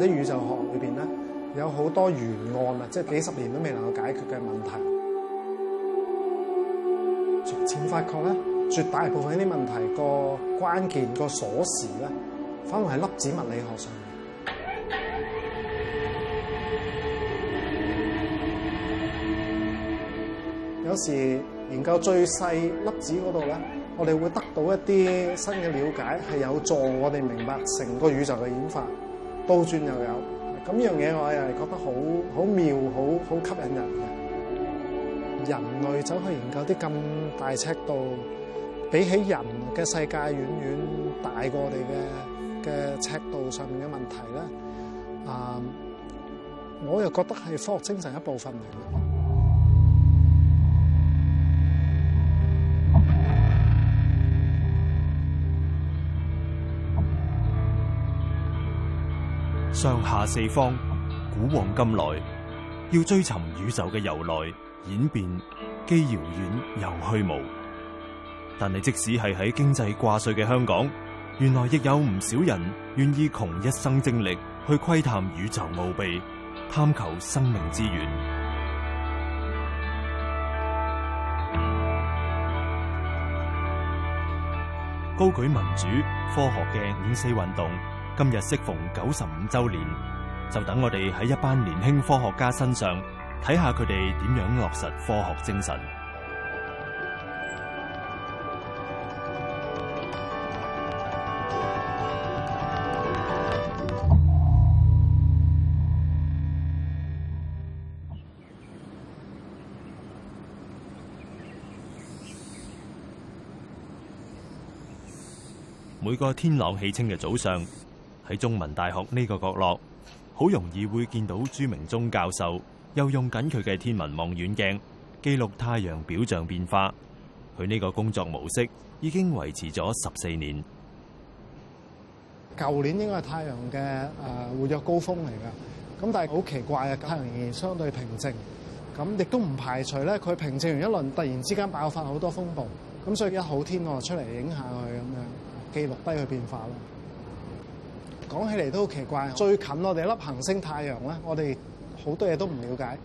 喺宇宙學裏邊咧，有好多懸案啊，即係幾十年都未能夠解決嘅問題。逐漸發覺咧，絕大部分呢啲問題個關鍵個鎖匙咧，反而係粒子物理學上面。有時研究最細粒子嗰度咧，我哋會得到一啲新嘅了解，係有助我哋明白成個宇宙嘅演化。高轉又有，咁呢樣嘢我又係覺得好好妙，好好吸引人嘅。人類走去研究啲咁大尺度，比起人嘅世界遠遠大過我哋嘅嘅尺度上面嘅問題咧，啊，我又覺得係科學精神一部分嚟嘅。上下四方，古往今來，要追尋宇宙嘅由來演變，既遙遠又虛無。但係即使係喺經濟掛帥嘅香港，原來亦有唔少人願意窮一生精力去窺探宇宙奧秘，探求生命之源。高舉民主、科學嘅五四運動。今日適逢九十五周年，就等我哋喺一班年輕科學家身上睇下佢哋點樣落實科學精神。每個天朗氣清嘅早上。喺中文大學呢個角落，好容易會見到朱明中教授，又用緊佢嘅天文望遠鏡記錄太陽表象變化。佢呢個工作模式已經維持咗十四年。舊年應該係太陽嘅誒活躍高峰嚟噶，咁但係好奇怪啊，太陽仍然相對平靜，咁亦都唔排除咧，佢平靜完一輪，突然之間爆發好多風暴，咁所以一好天我就出嚟影下佢咁樣，記錄低佢變化咯。講起嚟都好奇怪，最近我哋粒恆星太陽咧，我哋好多嘢都唔了解。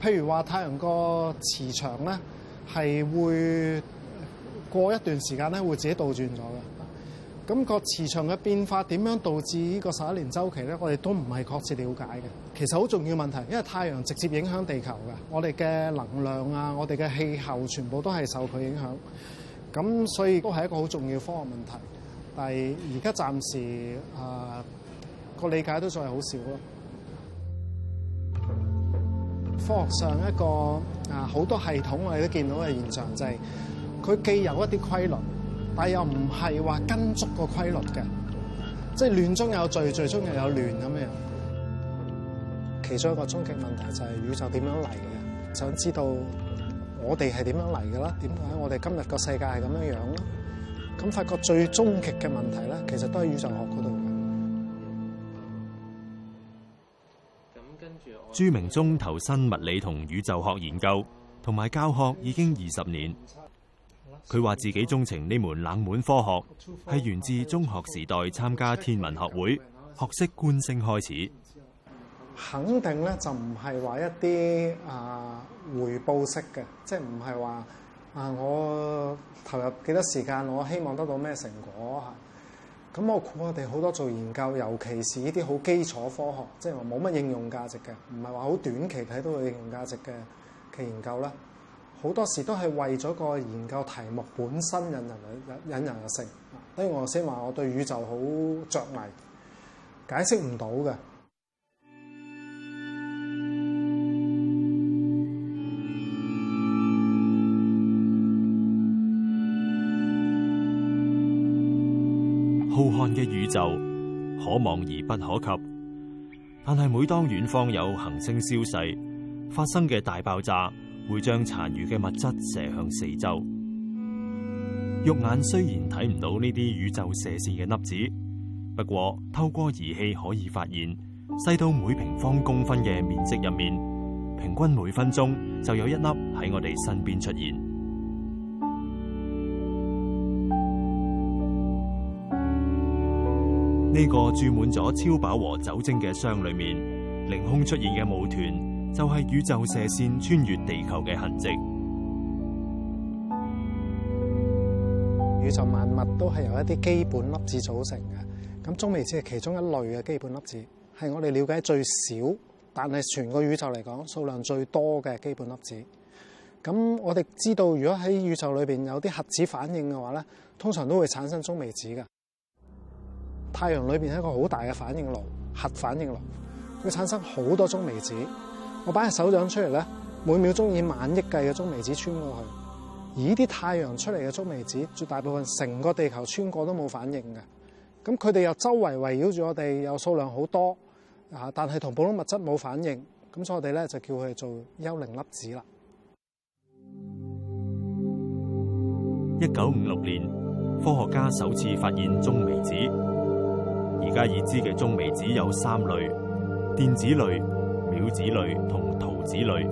譬如話太陽個磁場咧，係會過一段時間咧會自己倒轉咗嘅。咁個磁場嘅變化點樣導致呢個十一年周期咧？我哋都唔係確切了解嘅。其實好重要問題，因為太陽直接影響地球嘅，我哋嘅能量啊，我哋嘅氣候全部都係受佢影響。咁所以都係一個好重要科學問題。但係而家暫時啊個、呃、理解都仲係好少咯。科學上一個啊好、呃、多系統我哋都見到嘅現象就係、是、佢既有一啲規律，但係又唔係話跟足個規律嘅，即係亂中有序，序中又有亂咁樣。其中一個終極問題就係宇宙點樣嚟嘅？想知道我哋係點樣嚟嘅啦？點解我哋今日個世界係咁樣樣咧？咁發覺最終極嘅問題咧，其實都喺宇宙學嗰度嘅。咁跟住，朱明中投身物理同宇宙學研究同埋教學已經二十年。佢話自己鍾情呢門冷門科學，係源自中學時代參加天文學會，學識觀星開始。肯定咧，就唔係話一啲啊回報式嘅，即係唔係話。啊！我投入幾多時間，我希望得到咩成果吓？咁我估我哋好多做研究，尤其是呢啲好基礎科學，即係話冇乜應用價值嘅，唔係話好短期睇到佢應用價值嘅嘅研究咧，好多時都係為咗個研究題目本身引人、引、引人入勝。所以我先話我對宇宙好著迷，解釋唔到嘅。宇宙可望而不可及，但係每當遠方有行星消逝，發生嘅大爆炸會將殘餘嘅物質射向四周。肉眼雖然睇唔到呢啲宇宙射線嘅粒子，不過透過儀器可以發現，細到每平方公分嘅面積入面，平均每分鐘就有一粒喺我哋身邊出現。呢、這個注滿咗超飽和酒精嘅箱裏面，凌空出現嘅霧團，就係宇宙射線穿越地球嘅痕跡。宇宙萬物都係由一啲基本粒子組成嘅，咁中微子係其中一類嘅基本粒子，係我哋了解最少，但係全個宇宙嚟講數量最多嘅基本粒子。咁我哋知道，如果喺宇宙裏邊有啲核子反應嘅話咧，通常都會產生中微子噶。太陽裏邊係一個好大嘅反應爐，核反應爐佢產生好多中微子。我擺下手掌出嚟咧，每秒鐘以萬億計嘅中微子穿過去。而呢啲太陽出嚟嘅中微子，絕大部分成個地球穿過都冇反應嘅。咁佢哋又周圍圍繞住我哋，有數量好多啊，但係同普通物質冇反應。咁所以我哋咧就叫佢做幽靈粒子啦。一九五六年，科學家首次發現中微子。而家已知嘅中微子有三類：電子類、緲子類同陶子類。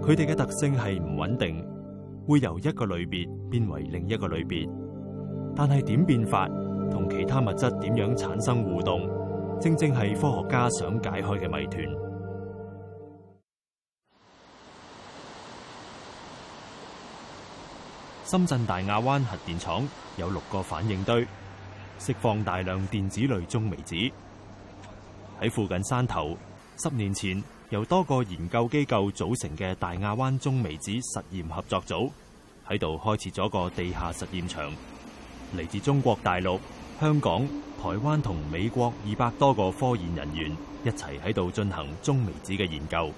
佢哋嘅特性係唔穩定，會由一個類別變為另一個類別。但係點變法同其他物質點樣產生互動，正正係科學家想解開嘅謎團。深圳大亞灣核電廠有六個反應堆。釋放大量電子類中微子喺附近山頭。十年前，由多個研究機構組成嘅大亞灣中微子實驗合作組喺度開設咗個地下實驗場。嚟自中國大陸、香港、台灣同美國二百多個科研人員一齊喺度進行中微子嘅研究。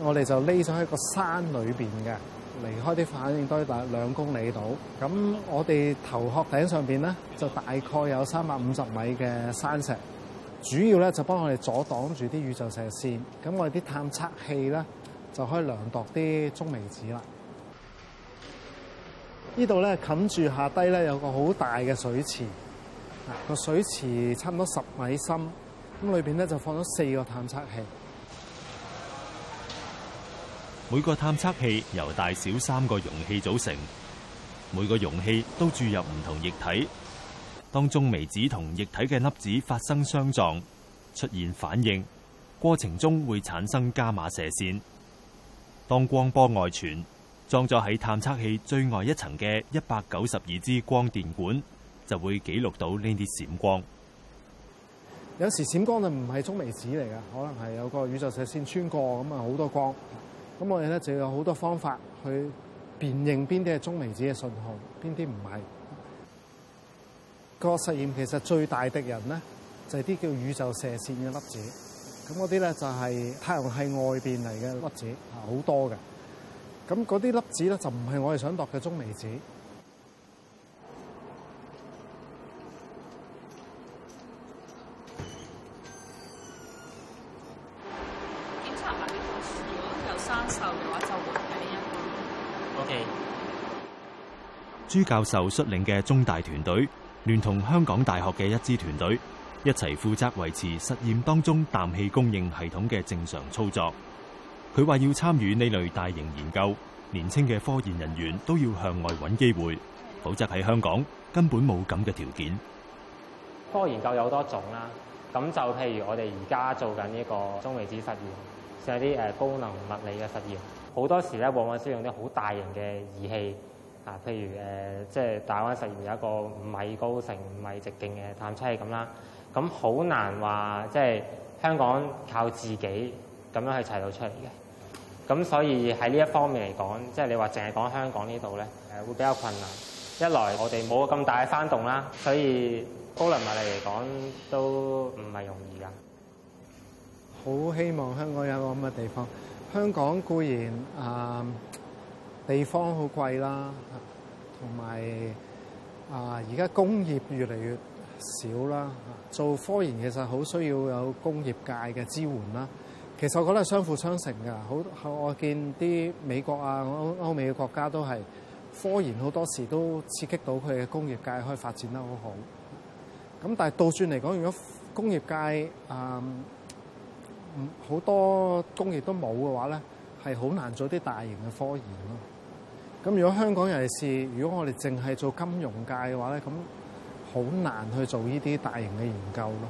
我哋就匿咗喺個山裏邊嘅。離開啲反應堆大約兩公里度，咁我哋頭殼頂上邊咧就大概有三百五十米嘅山石，主要咧就幫我哋阻擋住啲宇宙射線，咁我哋啲探測器咧就可以量度啲中微子啦。這裡呢度咧冚住下低咧有一個好大嘅水池，嗱、嗰個水池差唔多十米深，咁裏邊咧就放咗四個探測器。每個探測器由大小三個容器組成，每個容器都注入唔同液體。當中微子同液體嘅粒子發生相撞，出現反應過程中會產生伽馬射線。當光波外傳，裝咗喺探測器最外一層嘅一百九十二支光電管就會記錄到呢啲閃光。有時閃光就唔係中微子嚟噶，可能係有個宇宙射線穿過咁啊，好多光。咁我哋咧就有好多方法去辨認邊啲係中微子嘅信號，邊啲唔係。個實驗其實最大敵人咧就係啲叫宇宙射線嘅粒子。咁嗰啲咧就係太陽系外邊嚟嘅粒子，嚇好多嘅。咁嗰啲粒子咧就唔係我哋想度嘅中微子。發售嘅話就會係一個。Okay。朱教授率領嘅中大團隊，聯同香港大學嘅一支團隊，一齊負責維持實驗當中氮氣供應系統嘅正常操作。佢話要參與呢類大型研究，年輕嘅科研人員都要向外揾機會，否則喺香港根本冇咁嘅條件。科研究有多種啦，咁就譬如我哋而家做緊呢個中微子實驗。就係啲誒高能物理嘅實驗，好多時咧往往需要用啲好大型嘅儀器啊，譬如誒，即係大亞灣實驗有一個五米高、成五米直徑嘅探測器咁啦，咁好難話即係香港靠自己咁樣去砌到出嚟嘅。咁所以喺呢一方面嚟講，即係你話淨係講香港呢度咧，誒會比較困難。一來我哋冇咁大嘅山洞啦，所以高能物理嚟講都唔係容易㗎。好希望香港有個咁嘅地方。香港固然啊、嗯，地方好貴啦，同埋啊、嗯，而家工業越嚟越少啦。做科研其實好需要有工業界嘅支援啦。其實我覺得係相輔相成㗎。好，我見啲美國啊、歐歐美嘅國家都係科研好多時都刺激到佢嘅工業界可以發展得好好。咁但係倒轉嚟講，如果工業界啊，嗯好多工業都冇嘅話咧，係好難做啲大型嘅科研咯。咁如果香港尤其是，如果我哋淨係做金融界嘅話咧，咁好難去做呢啲大型嘅研究咯。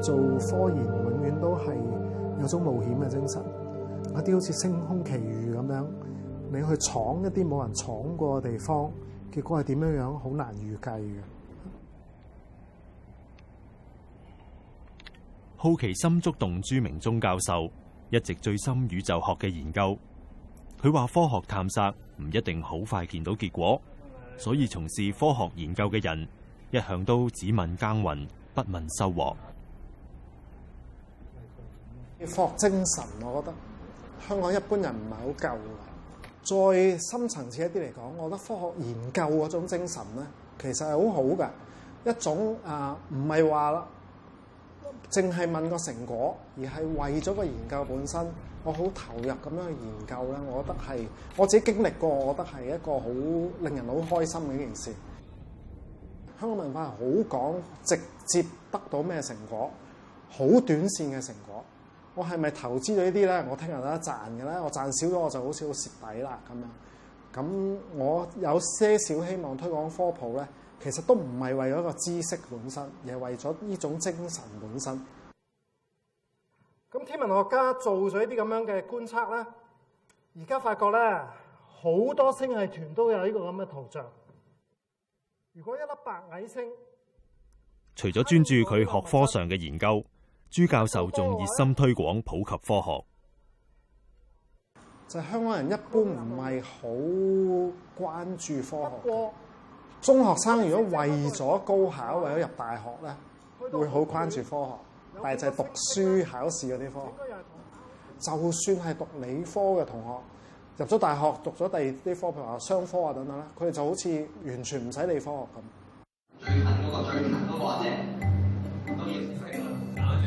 做科研永遠都係有種冒險嘅精神，一啲好似星空奇遇咁樣，你去闖一啲冇人闖過嘅地方，結果係點樣樣，好難預計嘅。好奇心觸動朱明中教授一直追尋宇宙學嘅研究。佢話科學探索唔一定好快見到結果，所以從事科學研究嘅人一向都只問耕耘，不問收穫。科學精神，我覺得香港一般人唔係好夠嘅。再深層次一啲嚟講，我覺得科學研究嗰種精神咧，其實係好好嘅一種啊，唔係話啦，淨係問個成果，而係為咗個研究本身，我好投入咁樣去研究咧。我覺得係我自己經歷過，我覺得係一個好令人好開心嘅一件事。香港文化係好講直接得到咩成果，好短綫嘅成果。我係咪投資咗呢啲咧？我聽日都賺嘅咧，我賺少咗我就好少蝕底啦咁樣。咁我有些少希望推廣科普咧，其實都唔係為咗個知識本身，而係為咗呢種精神本身。咁天文學家做咗啲咁樣嘅觀測咧，而家發覺咧，好多星系團都有呢個咁嘅圖像。如果一粒白矮星，除咗專注佢學科上嘅研究。嗯朱教授仲熱心推廣普及科學，就係香港人一般唔係好關注科學。中學生如果為咗高考，為咗入大學咧，會好關注科學，但係就係讀書考試嗰啲科學。就算係讀理科嘅同學入咗大學讀咗第二啲科，譬如話商科啊等等咧，佢哋就好似完全唔使理科學咁。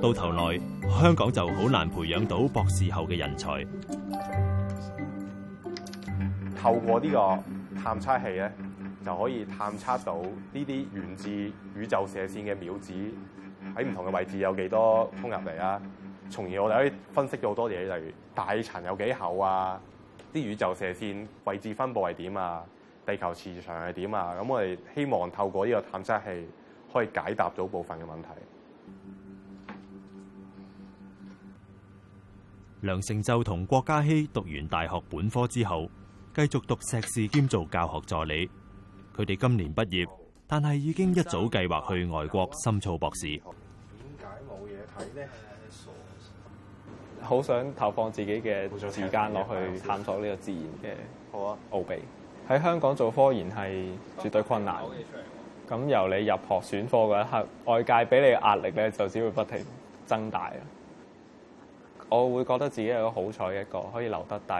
到頭來，香港就好難培養到博士後嘅人才。透過呢個探測器咧，就可以探測到呢啲源自宇宙射線嘅渺子喺唔同嘅位置有幾多衝入嚟啊，從而我哋可以分析到好多嘢，例如大氣層有幾厚啊，啲宇宙射線位置分布係點啊，地球磁場係點啊。咁我哋希望透過呢個探測器，可以解答到部分嘅問題。梁成就同郭嘉熙讀完大學本科之後，繼續讀碩士兼做教學助理。佢哋今年畢業，但係已經一早計劃去外國深造博士。點解冇嘢睇呢？好想投放自己嘅時間落去探索呢個自然嘅奧秘。喺香港做科研係絕對困難。咁由你入學選科一刻，外界俾你壓力咧就只會不停增大。我會覺得自己係一個好彩嘅一個，可以留得低。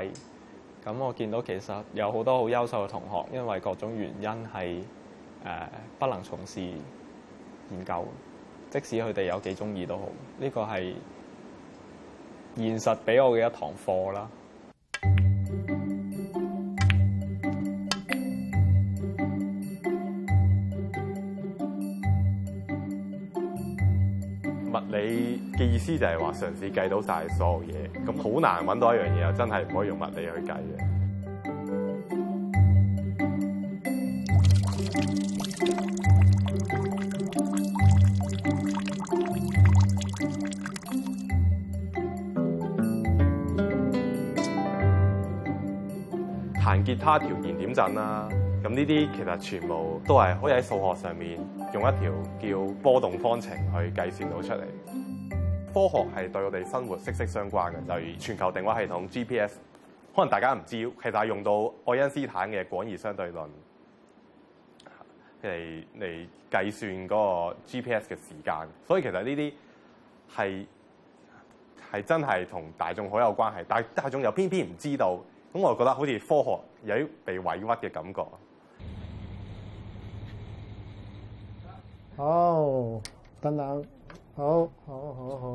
咁我見到其實有好多好優秀嘅同學，因為各種原因係、呃、不能從事研究，即使佢哋有幾中意都好，呢、呢個係現實俾我嘅一堂課啦。嘅意思就係話嘗試計到晒所有嘢，咁好難揾到一樣嘢又真係唔可以用物理去計嘅。 彈吉他條弦點陣啦，咁呢啲其實全部都係可以喺數學上面用一條叫波動方程去計算到出嚟。科學係對我哋生活息息相關嘅，就係全球定位系統 GPS，可能大家唔知，其實係用到愛因斯坦嘅廣義相對論嚟嚟計算嗰個 GPS 嘅時間，所以其實呢啲係係真係同大眾好有關係，但係大眾又偏偏唔知道，咁我就覺得好似科學有啲被委屈嘅感覺。好、oh，等等。好好好好好好，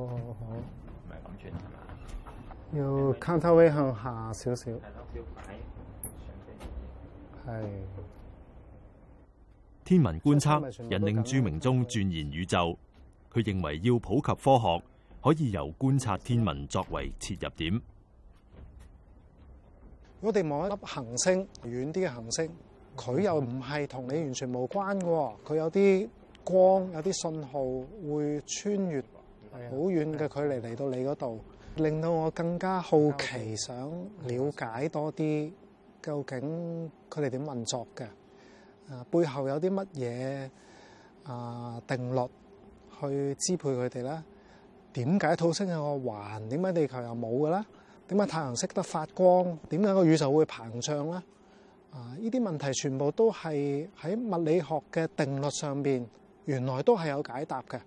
唔係咁轉係嘛？要 count away 向下少少。係攞小擺上邊。天文觀測引領朱明中鑽研宇宙。佢認為要普及科學，可以由觀察天文作為切入點。我哋望一粒行星，遠啲嘅行星，佢又唔係同你完全無關嘅喎，佢有啲。光有啲信號會穿越好遠嘅距離嚟到你嗰度，令到我更加好奇，想了解多啲究竟佢哋點運作嘅？誒背後有啲乜嘢啊定律去支配佢哋咧？點解土星有個環，點解地球又冇嘅咧？點解太陽識得發光？點解個宇宙會膨脹咧？啊！呢啲問題全部都係喺物理學嘅定律上邊。原來都係有解答嘅，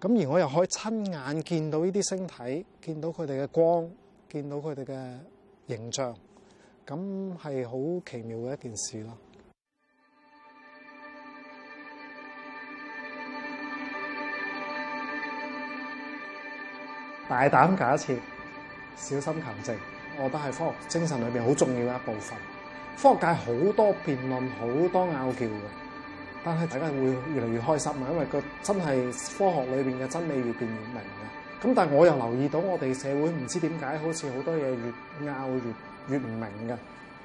咁而我又可以親眼見到呢啲星體，見到佢哋嘅光，見到佢哋嘅形象，咁係好奇妙嘅一件事咯。大膽假設，小心求證，我覺得係科學精神裏面好重要嘅一部分。科學界好多辯論，好多拗撬嘅。但係大家會越嚟越開心嘛，因為個真係科學裏邊嘅真理越變越明嘅。咁，但係我又留意到我哋社會唔知點解好似好多嘢越拗越越唔明嘅，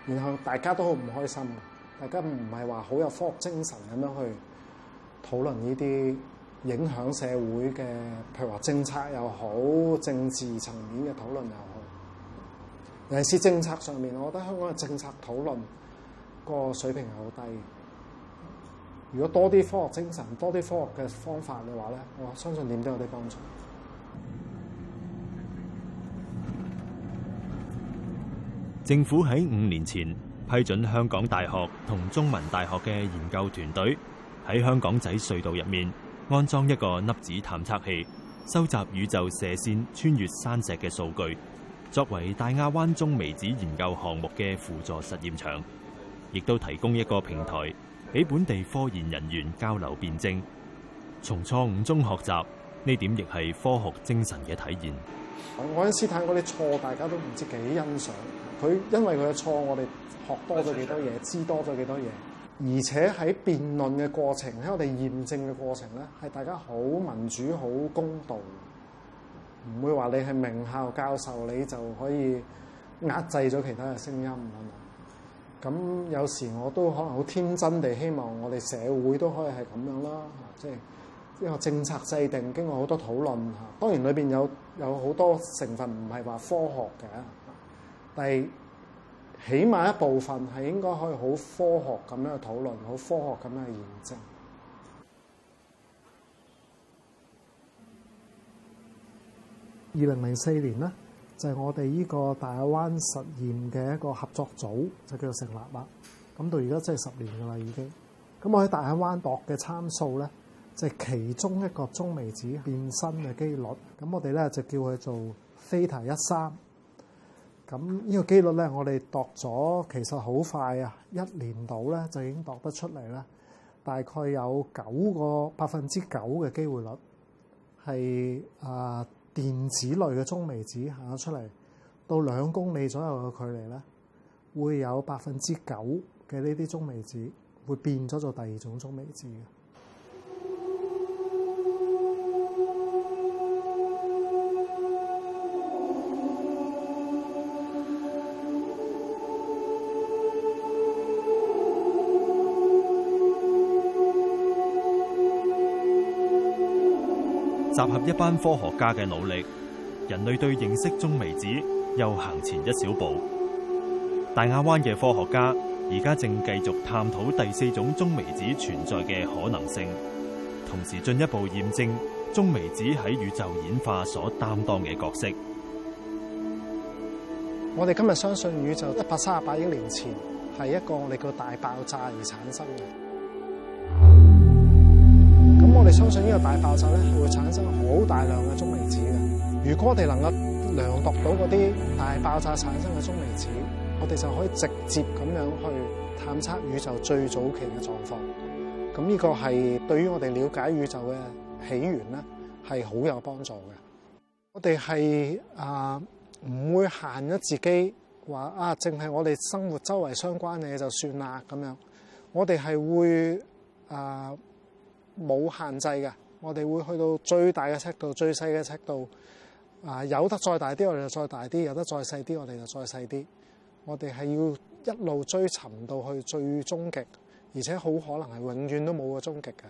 然後大家都好唔開心，大家唔係話好有科學精神咁樣去討論呢啲影響社會嘅，譬如話政策又好，政治層面嘅討論又好。尤其是政策上面，我覺得香港嘅政策討論個水平係好低。如果多啲科學精神、多啲科學嘅方法嘅話咧，我相信點都有啲幫助。政府喺五年前批准香港大學同中文大學嘅研究團隊喺香港仔隧道入面安裝一個粒子探測器，收集宇宙射線穿越山石嘅數據，作為大亞灣中微子研究項目嘅輔助實驗場，亦都提供一個平台，俾本地科研人員交流辯證，從錯誤中學習，呢點亦係科學精神嘅體現。愛因斯坦啲錯，大家都唔知幾欣賞佢，因為佢嘅錯，我哋學多咗幾多嘢，知多咗幾多嘢，而且喺辯論嘅過程，喺我哋驗證嘅過程咧，係大家好民主、好公道，唔會話你係名校教授，你就可以壓制咗其他嘅聲音。咁有時我都可能好天真地希望，我哋社會都可以係咁樣啦，即係一個政策制定經過好多討論吓。當然裏面有有好多成分唔係話科學嘅，但係起碼一部分係應該可以好科學咁樣去討論，好科學咁樣去驗證。二零零四年啦。就係、是、我哋呢個大亞灣實驗嘅一個合作組就叫做成立啦。咁到而家即係十年噶啦已經。咁我喺大亞灣度嘅參數咧，即、就、係、是、其中一個中微子變身嘅機率。咁我哋咧就叫佢做 Theta 一三。咁呢個機率咧，我哋度咗其實好快啊，一年度咧就已經度得出嚟啦。大概有九個百分之九嘅機會率係啊。呃電子類嘅中微子行咗出嚟，到兩公里左右嘅距離呢，會有百分之九嘅呢啲中微子會變咗做第二種中微子嘅。集合一班科學家嘅努力，人類對認識中微子又行前一小步。大亞灣嘅科學家而家正繼續探討第四種中微子存在嘅可能性，同時進一步驗證中微子喺宇宙演化所擔當嘅角色。我哋今日相信宇宙一百三十八億年前係一個嚟個大爆炸而產生嘅。我哋相信呢個大爆炸咧，係會產生好大量嘅中微子嘅。如果我哋能夠量度到嗰啲大爆炸產生嘅中微子，我哋就可以直接咁樣去探測宇宙最早期嘅狀況。咁呢個係對於我哋了解宇宙嘅起源咧，係好有幫助嘅。我哋係啊唔會限咗自己話啊，淨係我哋生活周圍相關嘅嘢就算啦咁樣。我哋係會啊。呃冇限制嘅，我哋會去到最大嘅尺度、最細嘅尺度。啊、呃，有得再大啲，我哋就再大啲；有得再細啲，我哋就再細啲。我哋係要一路追尋到去最終極，而且好可能係永遠都冇個終極嘅。